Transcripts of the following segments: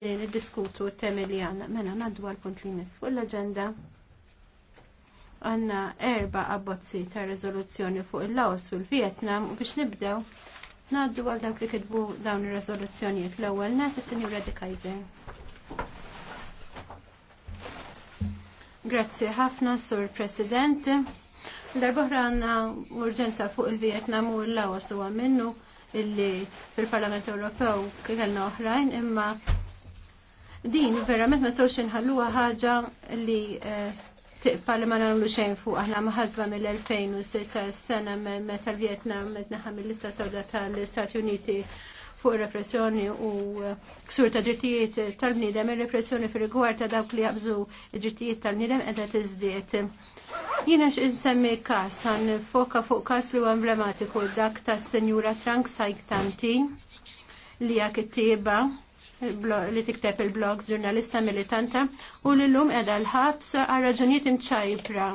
li t temi li għanna mena naddu għal-punt li nisfu fuq l-agenda għanna erba abbozzi ta' rezoluzzjoni fuq il-Laos u il vietnam u biex nibdew naddu għal dawk li kitbu dawn ir-rezoluzzjonijiet l-ewwel nat is-Sinjura De Kaiser. Grazzi ħafna, Sur President. Darbohra għanna urġenza fuq il-Vietnam u l-Laos u għamennu illi fil-Parlament Ewropew kellna oħrajn imma din verament ma sawx inħalluha ħaġa li eh, tiqbal ma nagħmlu xejn fuq aħna maħazba mill-2006 sena meta l-Vjetnam naħa mill-lista sewda tal-Istati Uniti fuq repressjoni u eh, ksur ta' ġittijiet tal-bniedem, il-repressjoni fil rigward ta' dawk li jabżu ġittijiet tal-bniedem qiegħda Jina Jiena x'insemmi każ għan foka fuq każ li huwa emblematiku dak tas senjura Trank Sajk Tanti li it kittieba li tikteb il-blogs ġurnalista militanta u li l-lum edha l-ħabs għal raġunijiet imċajpra.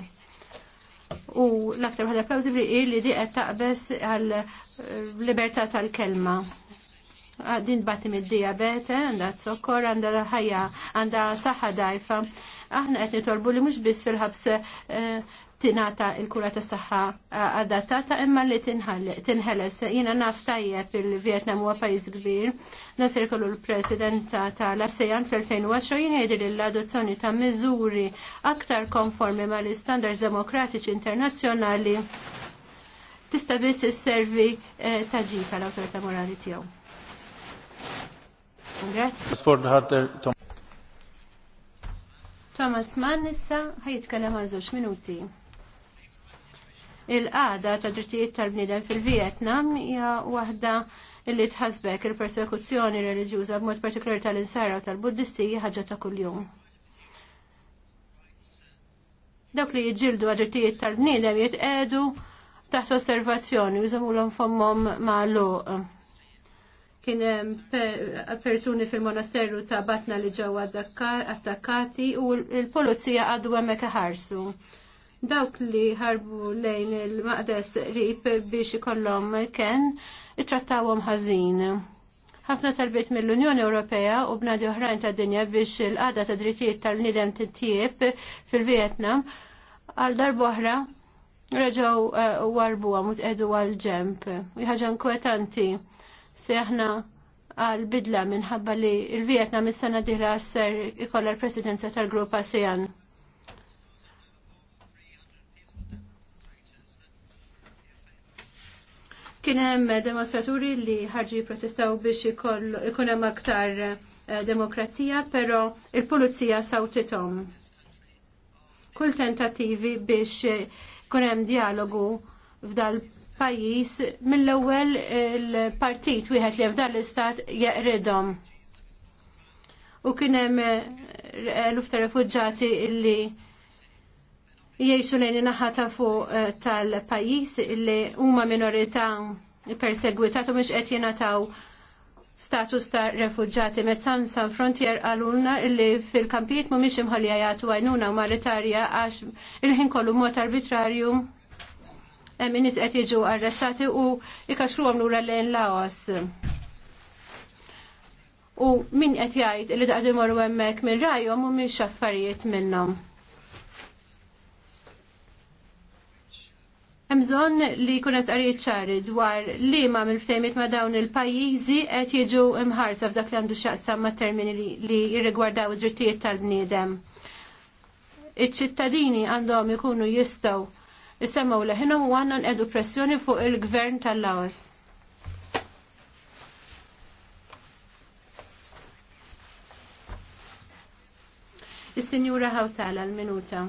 U l-aktar ħadha plausibli hi li di qed taqbes għal eh, libertà tal-kelma. Ah, din bati mid-diabete, għandha sokkor, għandha ħajja, għandha saħħa dajfa. Aħna qed nitolbu li mhux biss fil-ħabs eh, tinata il-kura ta' saħħa adattata imma li tinħeles. Jina naf tajjeb il-Vietnam huwa pajjiż kbir, nasir kollu l-presidenza l asean fl 2020 jien jgħidir l-adozzjoni ta' miżuri aktar konformi ma' l-standards demokratiċi internazzjonali tista' biss isservi e, ta' ġita l-awtorità morali tiegħu. Grazie. Thomas Mann issa ħajitkellem għal żewġ minuti. Il-qada ta' drittijiet tal-bniedem fil-Vietnam hija waħda illi tħasbek il-persekuzzjoni reliġjuża b'mod partikolari tal-insara u tal-Buddisti ħaġa ta' kuljum dawk li jġildu drittijiet tal-bniedem jitqedu taħt osservazzjoni, użamulhom fommom ma' luq. Kien hemm persuni fil-monasteru ta' Batna li ġew attakkati u l-pulizija għadu hemmhekk iħarsu dawk li ħarbu lejn il-maqdes rip biex ikollhom ken ittrattawhom ħażin. Ħafna talbiet mill-Unjoni Ewropea u bnadi oħrajn tad dinja biex il-qada ta' drittijiet tal-nidem titjieb fil-Vietnam għal darboħra reġaw eh, warbu għamut edu għal ġemp. Jħagġan kwetanti se aħna għal bidla minħabba li il-Vietnam is-sena diħla ser ikolla l-presidenza tal-grupp ASEAN. Kien hemm demonstraturi li ħarġu jipprotestaw biex ikun hemm aktar eh, demokrazija, però il-pulizija sawtithom. Kull tentattivi biex eh, kun hemm dialogu f'dal pajjiż mill-ewwel il-partit wieħed li f'dan l-istat jeqridhom. U kien hemm eh, lufta refuġġati illi jiexu lejn naħata fuq eh, tal-pajis li huma minorità persegwitat u mhux qed jingħataw status ta' refugġati. Mezzan San Frontier għalunna li fil-kampijiet mhumiex imħallija jagħtu għajnuna maritarja għax il-ħin kollu mod arbitrarju minnis qed jiġu arrestati u ikaxruhom lura lejn Laos. U min qed jgħid li daqdim morru hemmhekk minn rajhom u mhix affarijiet minnhom. Mżon li kunet għarijiet ċari dwar li ma mill-ftejmiet ma dawn il-pajizi qed jiġu imħarsa f'dak li għandu xaqsam ma' termini li jirrigwardaw id-drittijiet tal-bniedem. Iċ-ċittadini għandhom ikunu jistaw jisemmaw leħinhom u għandhom edu pressjoni fuq il-gvern tal-Laos. Is-Sinjura Hawtala l-minuta.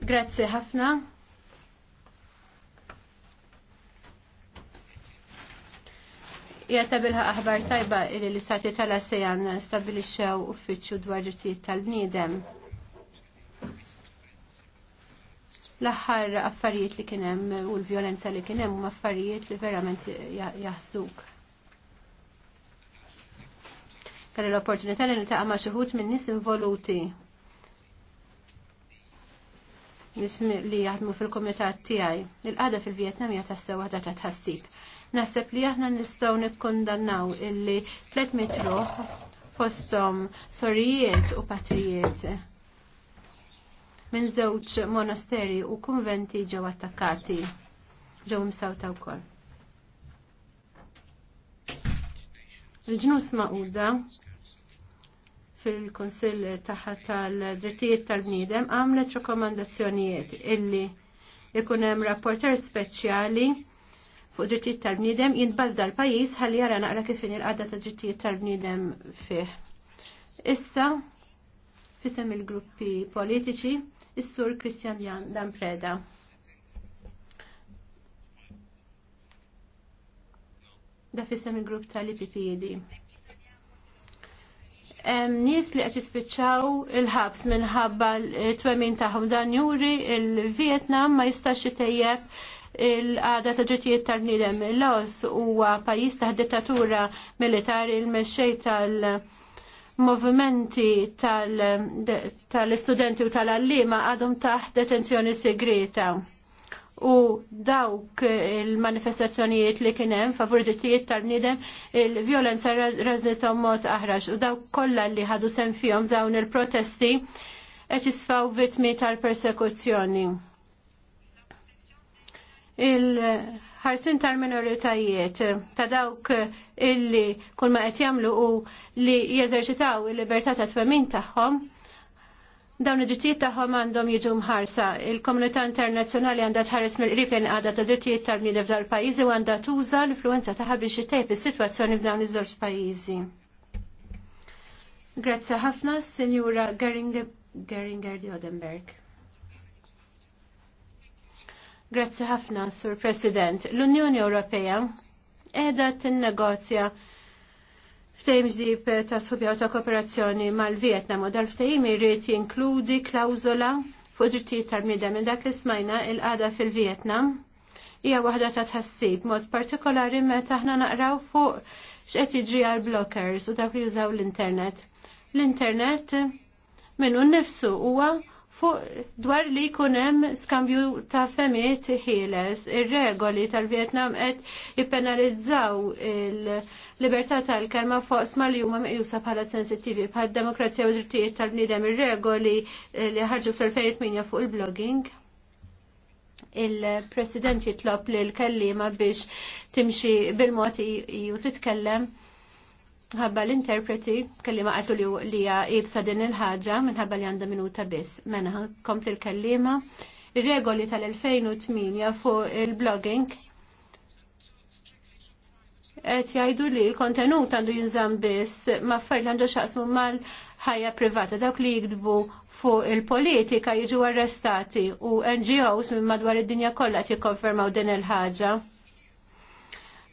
Grazzi ħafna. Jata bilħa aħbar tajba li l-istati tal-ASEAN stabilixxew uffiċċju dwar drittijiet tal-bniedem. L-aħħar affarijiet li kien hemm u l-vjolenza li kien hemm huma affarijiet li verament jaħsduk. Kalli l-opportunità li niltaqa' ma' xi minn nies involuti li jaħdmu fil-komitat tiegħi. Il-qada fil-Vjetnam hija tassew waħda ta' tħassib. Naħseb li aħna nistgħu nikkondannaw illi tliet mitruħ fosthom sorijiet u patrijiet minn żewġ monasteri u kunventi ġew attakkati ġew msawta wkoll. Il-ġnus maquda fil-Konsill taħħa tal-Drittijiet tal-Bniedem għamlet rekomandazzjonijiet illi ikun hemm rapporter speċjali fuq drittijiet tal-bniedem jintbalda l-pajjiż ħalli jara naqra kif in il-qadda ta' drittijiet tal-bniedem fih. Issa fisem il-gruppi politiċi is-sur Kristjan Jan Dan Preda. Da fisem il-grupp tal-IPPD. E nies li qed jispiċċaw il-ħabs minħabba t-twemmin tagħhom dan juri il-Vietnam ma jistax itejjeb il-għada ta' ġutijiet tal-nidem. il huwa pajjiż ta' dittatura militari il-mexxej tal- movimenti tal-istudenti u tal-allima għadhom taħt detenzjoni segreta u dawk il-manifestazzjonijiet li kienem favur tal bnidem il-violenza raznitom mod aħrax u dawk kollha li ħadu sem fihom dawn il-protesti qed jisfaw vittmi tal-persekuzzjoni. Il-ħarsin tal-minoritajiet ta' dawk illi kull ma qed jagħmlu u li jeżerċitaw il-libertà ta' twemmin tagħhom dawn id-drittijiet tagħhom għandhom jiġu mħarsa. Il-komunità internazzjonali għandha tħares mill-qrib li għadha ta' drittijiet tal-bniedem il pajjiżi u għandha tuża l-influenza tagħha biex itejb is-sitwazzjoni f'dawn iż-żewġ pajjiżi. Grazzi ħafna, Sinjura Geringer Odenberg. Grazzi ħafna, Sur President. L-Unjoni Ewropea qiegħda tinnegozja negozja ftejm ġdib ta' subjaw ta' kooperazzjoni mal-Vietnam u dal-ftejm irrit jinkludi klawzola fuq drittijiet tal-midem minn dak li smajna il-qada fil-Vietnam. Hija waħda ta' tħassib mod partikolari meta aħna naqraw fuq x'qed jiġri għal blockers u dak li jużaw l-internet. L-internet minnu nnifsu huwa fuq dwar li jkun hemm skambju ta' femiet ħieles. Ir-regoli tal-Vjetnam qed ippenalizzaw il-libertà tal-kelma fuq sma li huma meqjusa bħala sensittivi bħal demokrazija u drittijiet tal-bniedem ir-regoli eh, li ħarġu fl-2008 fuq il-blogging il-President jitlob li l-kellima biex timxi bil-mod ju titkellem ħabba l-interpreti kellima għatu li li jibsa din il-ħagġa minħabba li għanda minuta biss. Mena kompli l-kellima. Ir-regoli tal-2008 fuq il-blogging Et jgħidu li l-kontenut għandu jinżam biss ma' li għandu xaqsmu mal-ħajja privata. Dawk li jikdbu fuq il-politika jiġu arrestati u NGOs minn madwar id-dinja kollha jikkonfermaw din il-ħaġa.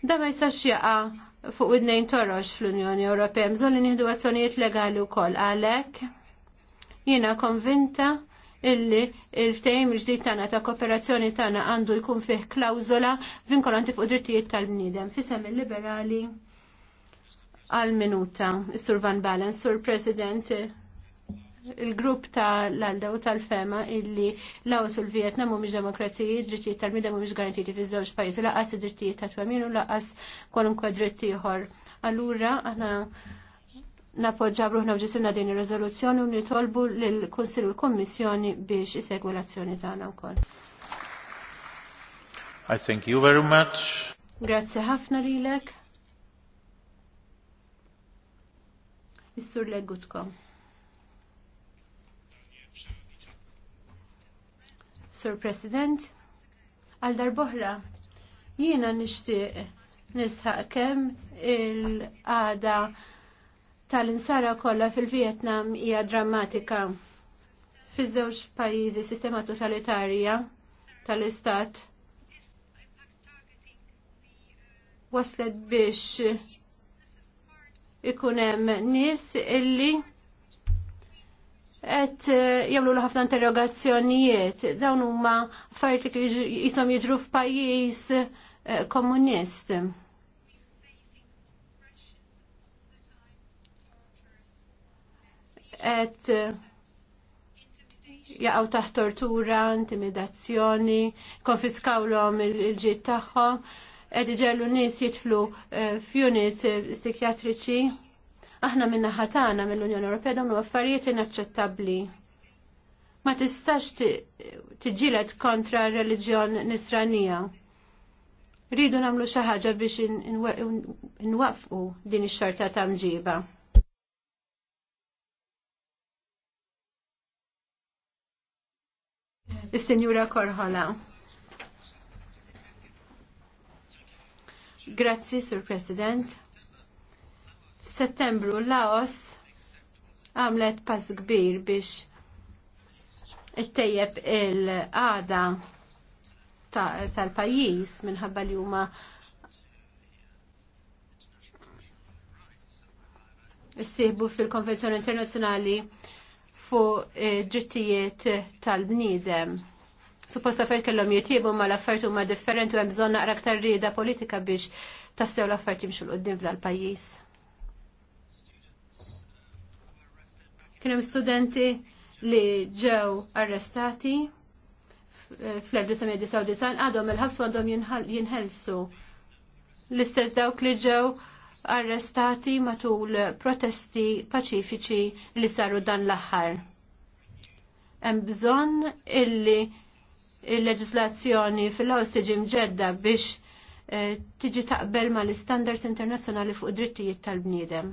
Da ma jistax jaqa' fuq id-nejn torox fl-Unjoni Ewropea, bżonn li nieħdu azzjonijiet legali wkoll għalhekk jiena konvinta illi il-ftehim il-ġdid tagħna ta' kooperazzjoni tagħna għandu jkun fih klawżola vinkolanti fuq drittijiet tal-bniedem. Fisem il-liberali għal minuta. Sur Van Balen, Sur President, il-grupp ta' l-Alda u tal-Fema illi law sul l-Vietnam u demokrazija, drittijiet tal mida u garantiti fi żewġ pajjiżi, laqas id-drittijiet ta' twemmin u laqas kwalunkwe dritt ieħor. Allura aħna napoġġa bruħna ġisilna din ir-riżoluzzjoni u nitolbu lill-Kunsill u l kummissjoni biex isegwu l-azzjoni tagħna wkoll. I thank you very much. Grazzi ħafna lilek. Is-sur leggutkom. Sur President, għal darboħra jiena nixtieq nisħaq kemm il-għada tal-insara kollha fil-Vjetnam hija drammatika. Fiż-żewġ pajjiżi sistema totalitarja tal-istat waslet biex ikun hemm nies illi et eh, jamlu ħafna interrogazzjonijiet. Dawn huma affarijiet li jisom jidru f'pajjiż eh, komunist. Et eh, jaqgħu taħt tortura, intimidazzjoni, konfiskawlhom il ġid tagħhom, qed iġellu nies jidħlu f'units psikjatriċi. Aħna minna ħatana mill-Unjoni Ewropea dawn affarijiet inaċċettabbli. Ma tistax tiġilet kontra r-reliġjon nisranija. Rridu nagħmlu xi ħaġa biex inwaqfqu din ix-xorta ta' mġiba. Is-Sinjura Korħola. Grazzi, Sur President. Settembru Laos għamlet pass kbir biex ittejjeb il-għada tal-pajis ta minħabba li huma issieħbu fil-Konvenzjoni Internazzjonali fuq eh, drittijiet tal-bniedem. Supposta fer kellhom jitiebu ma l-affarijiet huma differenti u hemm bżonn naqra aktar rieda politika biex tassew l affert jimxu l-qudiem fl-pajjiż. Kien hemm studenti li ġew arrestati fl-1999 għadhom il-ħabs għandhom jinħelsu. L-istess dawk li ġew arrestati matul protesti paċifiċi li saru dan l-aħħar. Hemm bżonn illi il-leġislazzjoni fil-ħaws tiġi mġedda biex eh, tiġi taqbel ma l-standards internazzjonali fuq drittijiet tal-bniedem.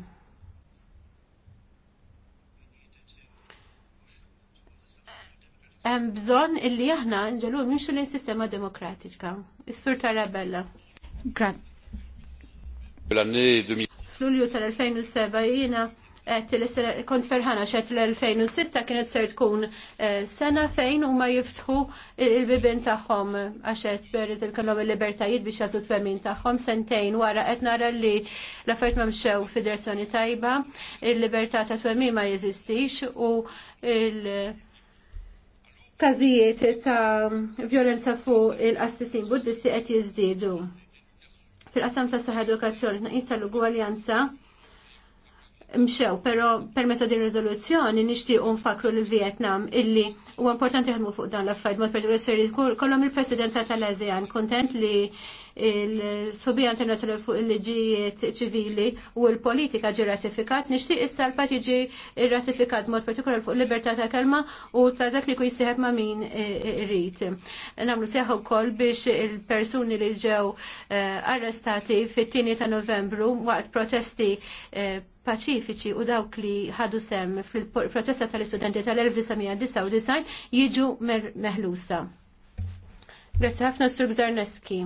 hemm bżonn illi aħna nġelu mhux lejn sistema demokratika. Is-Sur Tarabella. Grazzi. Fl-Ulju tal-2007 jiena kont ferħana xed l-2006 kienet ser tkun eh, sena fejn u ma jiftħu il-bibin taħħom għaxet beriz il-kellom il-libertajiet biex t femin taħħom sentejn wara qed nara li l-affert ma mxew fid-direzzjoni tajba, il-libertà ta' twemmin ma jeżistix u il- każijiet ta' violenza fuq il-assessin buddisti qed jiżdiedu. Fil-qasam ta' saħħa edukazzjoni tnaqis tal-ugwaljanza mxew, pero permezz din riżoluzzjoni nixtiequ nfakru l vietnam illi huwa importanti ħadmu fuq dan l-affarijiet mod perdu s-seri kollhom il-presidenza tal azijan kontent li il sobija Internazzjonali fuq il-liġijiet ċivili u l-politika ġi ratifikat, nixtieq issa l parti jiġi ratifikat mod partikolar fuq libertà ta' kelma u ta' dak li jkun ma' min eh, rrit. Namlu seħu kol biex il-persuni li ġew eh, arrestati fit-tieni ta' Novembru waqt protesti eh, paċifiċi u dawk li ħadu sem fil-protesta tal-istudenti tal-1999 jiġu meħlusa. Grazie ħafna Sur Gżarneski.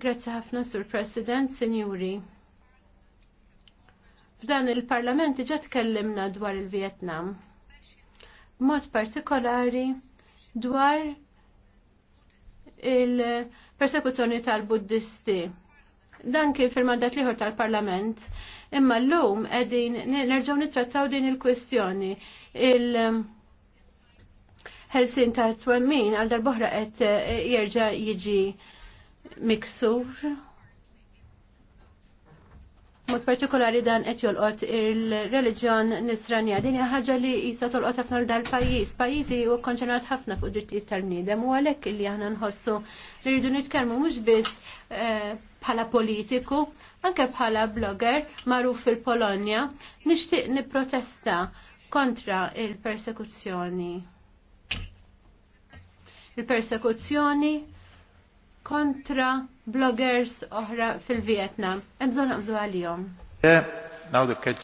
Grazzi ħafna, Sur President, Sinjuri. F'dan il-Parlament diġà tkellimna dwar il-Vietnam. Mod partikolari dwar il-persekuzzjoni tal-Buddisti. Dan kien fil-mandat liħor tal-Parlament. Imma l-lum edin nerġaw nitrattaw din il-kwestjoni. Il- Helsin ta' twemmin għal darbohra qed eh, jerġa' jiġi miksur. Mod partikolari dan qed jolqot il-reliġjon nisranja. Din hija ħaġa li qisha tolqot ħafna l dal pajjiż. Pajjiżi u konċenat ħafna fuq drittijiet tal-bniedem u għalhekk illi aħna nħossu li rridu nitkellmu mhux biss eh, bħala politiku, anke bħala blogger magħruf fil-Polonja, nixtieq nipprotesta kontra il-persekuzzjoni. Il-persekuzzjoni kontra bloggers oħra fil-Vietnam. Emżon naqżu għal-jom. Eh,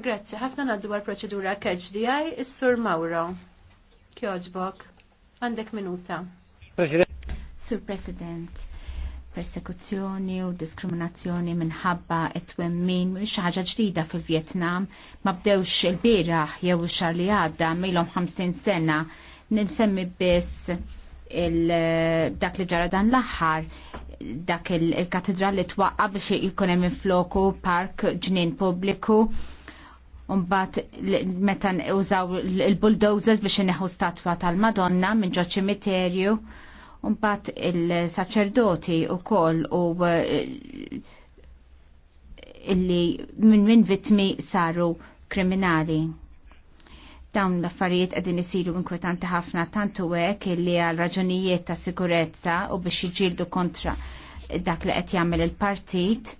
Grazzi, ħafna naddu għal-proċedura DI, il-Sur Mauro. Kjoġbok, għandek minuta. President. Sur President, persekuzzjoni u diskriminazzjoni minħabba it-twemmin xi ġdida fil-Vjetnam ma bdewx il-bieraħ jew xar xahar li għadda mejlom 50 sena ninsemmi biss dak li ġara dan l-aħħar dak il-katedra li twaqqa biex jkun hemm floku park ġnien pubbliku Umbat meta użaw il-bulldozers biex ineħu statwa tal-Madonna minn ġo ċimiterju. Umbat il-saċerdoti u koll eh, u illi minn min vitmi saru kriminali. Dawn l-affarijiet qegħdin isiru inkwetanti ħafna tantu hekk illi għal raġunijiet ta' sikurezza u biex jiġildu kontra dak li qed jagħmel il-partit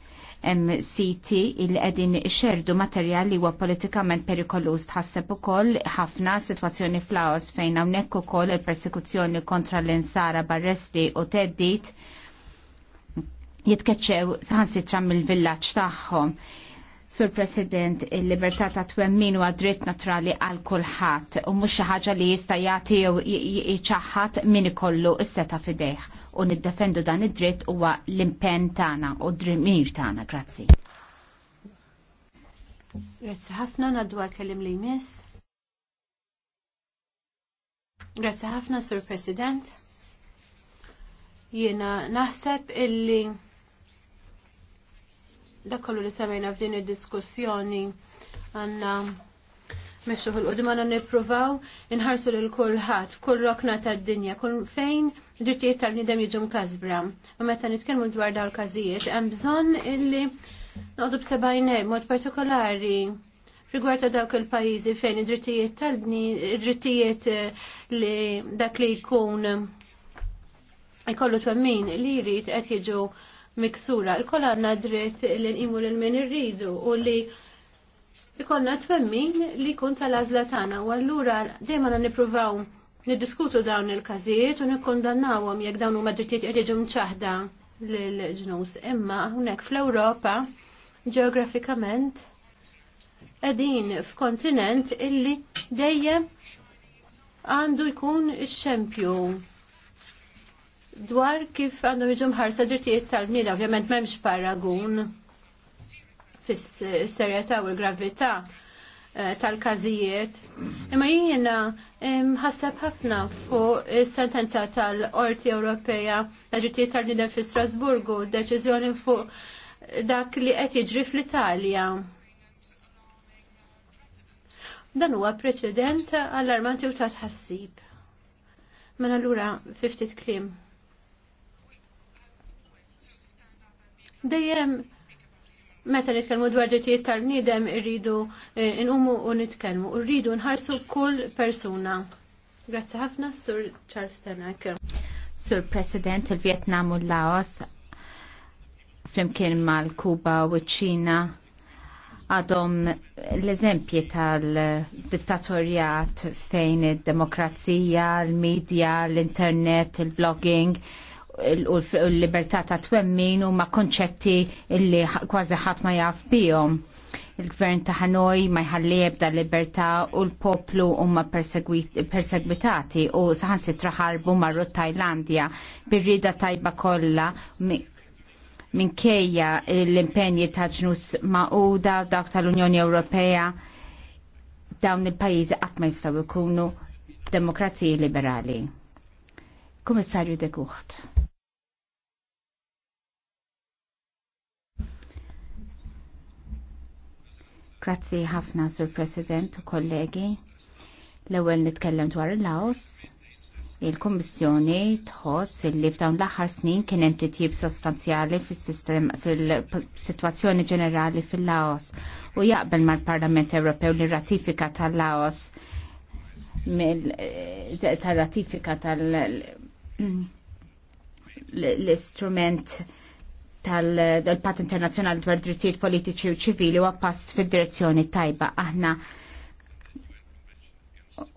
hemm siti il qegħdin ixerdu materjal li huwa politikament perikoluż tħasseb ukoll ħafna sitwazzjoni fl fejn hawnhekk ukoll il-persekuzzjoni kontra l-insara barresti u teddit jitkeċċew ħansitra mill-villaġġ tagħhom. Sur President, il-libertà ta' twemmin huwa dritt naturali għal kulħadd u mhux xi ħaġa li jista' jagħti jew jiċaħħad min ikollu s-seta fidejh u niddefendu dan id-dritt huwa l-impenn tagħna u d-drimir tagħna. Grazzi. Grazzi ħafna naddu għal-kelim li jmiss. Grazzi ħafna, Sur President. Jiena naħseb illi dak kollu li semajna f'din id-diskussjoni għandna meċuħ il-qudman għanna nipruvaw inħarsu l kulħadd, kull rokna ta' dinja kull fejn ġirtijiet tal-nidem jiġum kazbra. U meta nitkellmu dwar daw l-kazijiet, hemm bżonn illi noqdu b'sebajnej mod partikolari rigward ta' dawk il-pajjiżi fejn id-drittijiet tal-drittijiet eh, li dak li jkun jkollu twemmin li jrid qed jiġu miksura. Il-kol għanna dritt li nqimu lil min irridu u li ikonna twemmin li kun tal-azla tagħna u allura dejjem nippruvaw niddiskutu dawn il-każijiet u nikkondannawhom jekk dawn huma drittijiet qed jiġu mċaħda lill-ġnus. Imma hawnhekk fl-Ewropa ġeografikament qegħdin f'kontinent illi dejjem għandu jkun ix xempju dwar kif għandhom jiġu mħarsa drittijiet tal-mira, ovvjament m'hemmx paragun fis-serjetà u l-gravità eh, tal-każijiet. Imma jiena ħasseb ħafna fuq is-sentenza tal-Qorti Ewropea ta' drittijiet tal-Nidem fi Strasburgu, deċiżjoni fuq dak li qed jiġri fl-Italja. Dan huwa preċedent għall-armanti u ta' tħassib. Mela lura 50 kliem. Dejjem meta nitkellmu dwar ġetijiet tal nidem irridu eh, inqumu u nitkellmu, u rridu nħarsu kull persuna. Grazzi ħafna, Sur Charles Tenek. Sur President il-Vietnam u laos flimkien mal-Kuba u ċ-Ċina għadhom l-eżempji tal-dittatorjat fejn id-demokrazija, l-medja, l-internet, il-blogging u l-libertà ta' twemmin huma konċetti li kważi ħadd ma jaf bihom. Il-gvern ta' Hanoi ma jħalli ebda libertà u l-poplu huma persegwitati u saħansitra ħarbu marru Tajlandja bir-rida tajba kollha minkejja l-impenji ta' ġnus ma'uda dawk tal-Unjoni Ewropea dawn il-pajjiżi qatt ma jistgħu jkunu demokrazija liberali. Komissarju de Gucht. Grazzi ħafna, Sur President u kollegi. L-ewwel nitkellem dwar il-Laos. Il-Kommissjoni tħoss li f'dawn l-aħħar snin kien hemm titjib sostanzjali fis-sistem fil-sitwazzjoni ġenerali fil-Laos u jaqbel mal-Parlament Ewropew li ratifika tal-Laos tal-ratifika tal-istrument tal tal-Pat Internazzjonali dwar drittijiet politiċi u ċivili huwa pass fil direzzjoni tajba aħna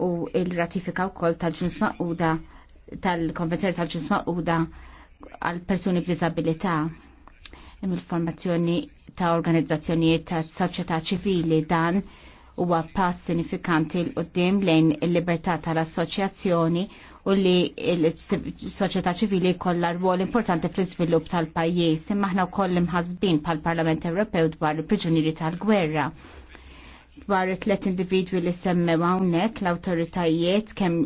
u il-ratifika wkoll tal-ġuns maquda tal-Konvenzjoni tal-ġuns maquda għal persuni b'diżabilità il-formazzjoni ta' organizzazzjonijiet ta' soċjetà ċivili dan huwa pass sinifikanti l qoddim lejn il-libertà tal-assoċjazzjoni u li l-soċjetà ċivili kollha rwol importanti fl-iżvilupp tal-pajjiż imma aħna wkoll imħasbin bħall parlament Ewropew dwar il-priġunieri tal-gwerra dwar it-tlet individwi li semmew hawnhekk l-awtoritajiet kemm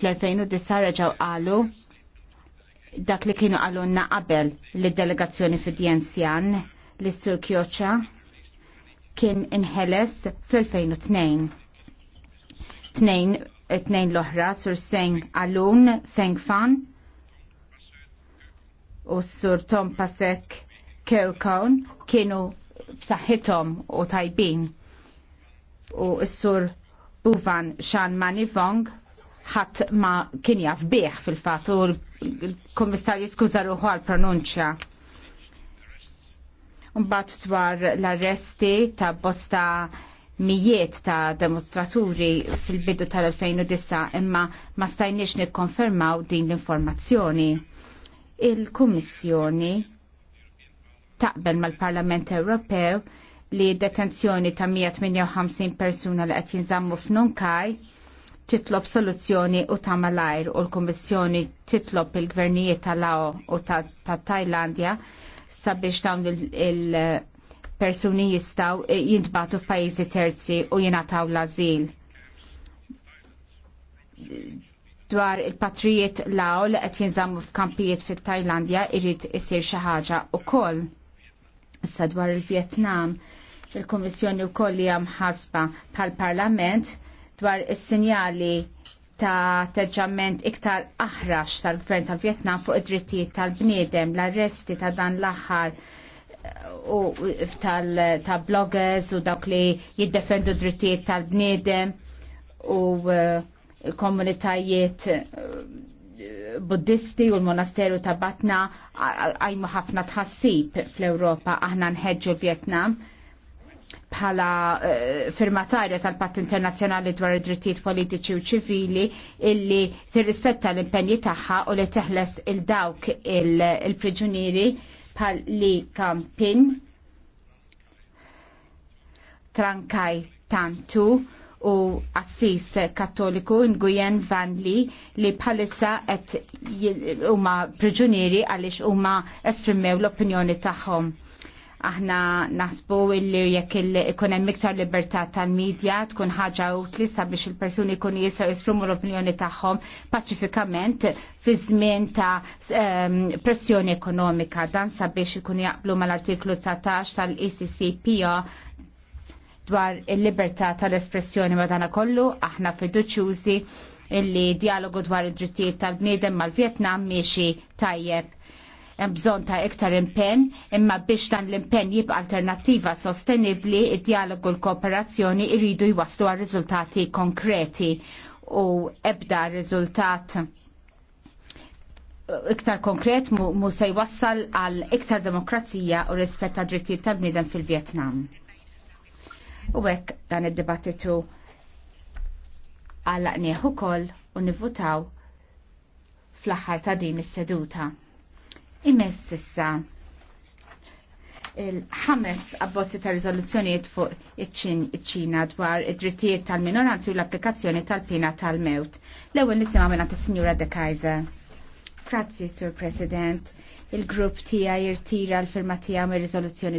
fl-2009 reġgħu qalu dak li kienu na qabel li delegazzjoni fi Djensjan li sur Kjoċa kien inħeles fl-2002. Tnejn it-tnejn l-oħra, Sur Seng Alun Feng Fan u Sur Tom Pasek Kewkawn kienu b'saħħithom u tajbin. U s-Sur Buvan Shan Manivong ħadd ma kien jaf bih fil-fatt u l-Kommissarju skuża ruħu għal pronunċja. Mbagħad dwar l-arresti ta' bosta mijiet ta' demonstraturi fil-bidu tal-2009 imma ma stajniex nikkonfermaw din l-informazzjoni. Il-Kummissjoni taqbel mal-Parlament Ewropew li detenzjoni ta' 158 persuna li qed jinżammu f'Nunkaj titlob soluzzjoni u ta' malajr u l-Kommissjoni titlob il-gvernijiet ta' Lao u ta' Tajlandja sabiex dawn il- persuni jistaw e, jintbatu f'pajjiżi terzi u jingħataw l-azil. Dwar il-patrijiet law li qed jinżammu f'kampijiet fit-Tajlandja irrid isir xi ħaġa wkoll. Issa dwar il-Vjetnam, il-Kummissjoni wkoll hija mħasba pal parlament dwar is-sinjali ta' teġġament iktar aħrax tal-gvern tal-Vjetnam fuq id-drittijiet tal-bniedem, l-arresti ta' dan l-aħħar u ta' bloggers u dawk li jiddefendu drittijiet tal-bniedem u eh, komunitajiet eh, buddisti u l-monasteru ta' Batna għajmu ħafna tħassib fl-Europa aħna nħedġu l-Vietnam bħala eh, firmatarja tal-Patt Internazzjonali dwar id-drittijiet politiċi u ċivili illi tirrispetta l-impenji tagħha u li teħles il-dawk il-priġunieri il dawk il priġunieri bħal li kampin trankaj tantu u assis kattoliku Nguyen Van Li li bħalissa qed huma priġunieri għaliex huma esprimew l-opinjoni tagħhom. Aħna nasbu illi jekk ikun hemm iktar libertà tal-medja tkun ħaġa utli sabiex il-persuni jkunu jistgħu jesprimu l-opinjoni tagħhom paċifikament fi żmien ta' ehm, pressjoni ekonomika dan sabiex ikun jaqblu mal-artiklu 19 tal-ECCPO dwar il-libertà tal-espressjoni madana kollu aħna fiduċjużi illi dialogu dwar id-drittijiet tal-bniedem mal-Vjetnam miexi tajjeb hemm bżonn ta' iktar impenn, imma biex dan l-impenn jibqa' alternattiva sostenibbli, id-dialogu l-kooperazzjoni jridu jwaslu għal riżultati konkreti u ebda riżultat uh, iktar konkret mu, se jwassal għal iktar demokrazija u rispett ta' drittijiet tal-bniedem fil-Vjetnam. U hekk dan id-dibattitu għallaqnieħ ukoll u nivvutaw fl-aħħar ta' din is-seduta. Imess s'issa il-ħames abbozzi ta' rizoluzzjoni fuq iċ-Ċina dwar id-drittijiet tal-minoranzi u l-applikazzjoni tal-pina tal-mewt. L-ewwel nisimgħu minn is-Sinjura De Kaiser. Grazzi, Sur President. Il-grupp tiegħi jirtira l-firma tiegħu mir-riżoluzzjoni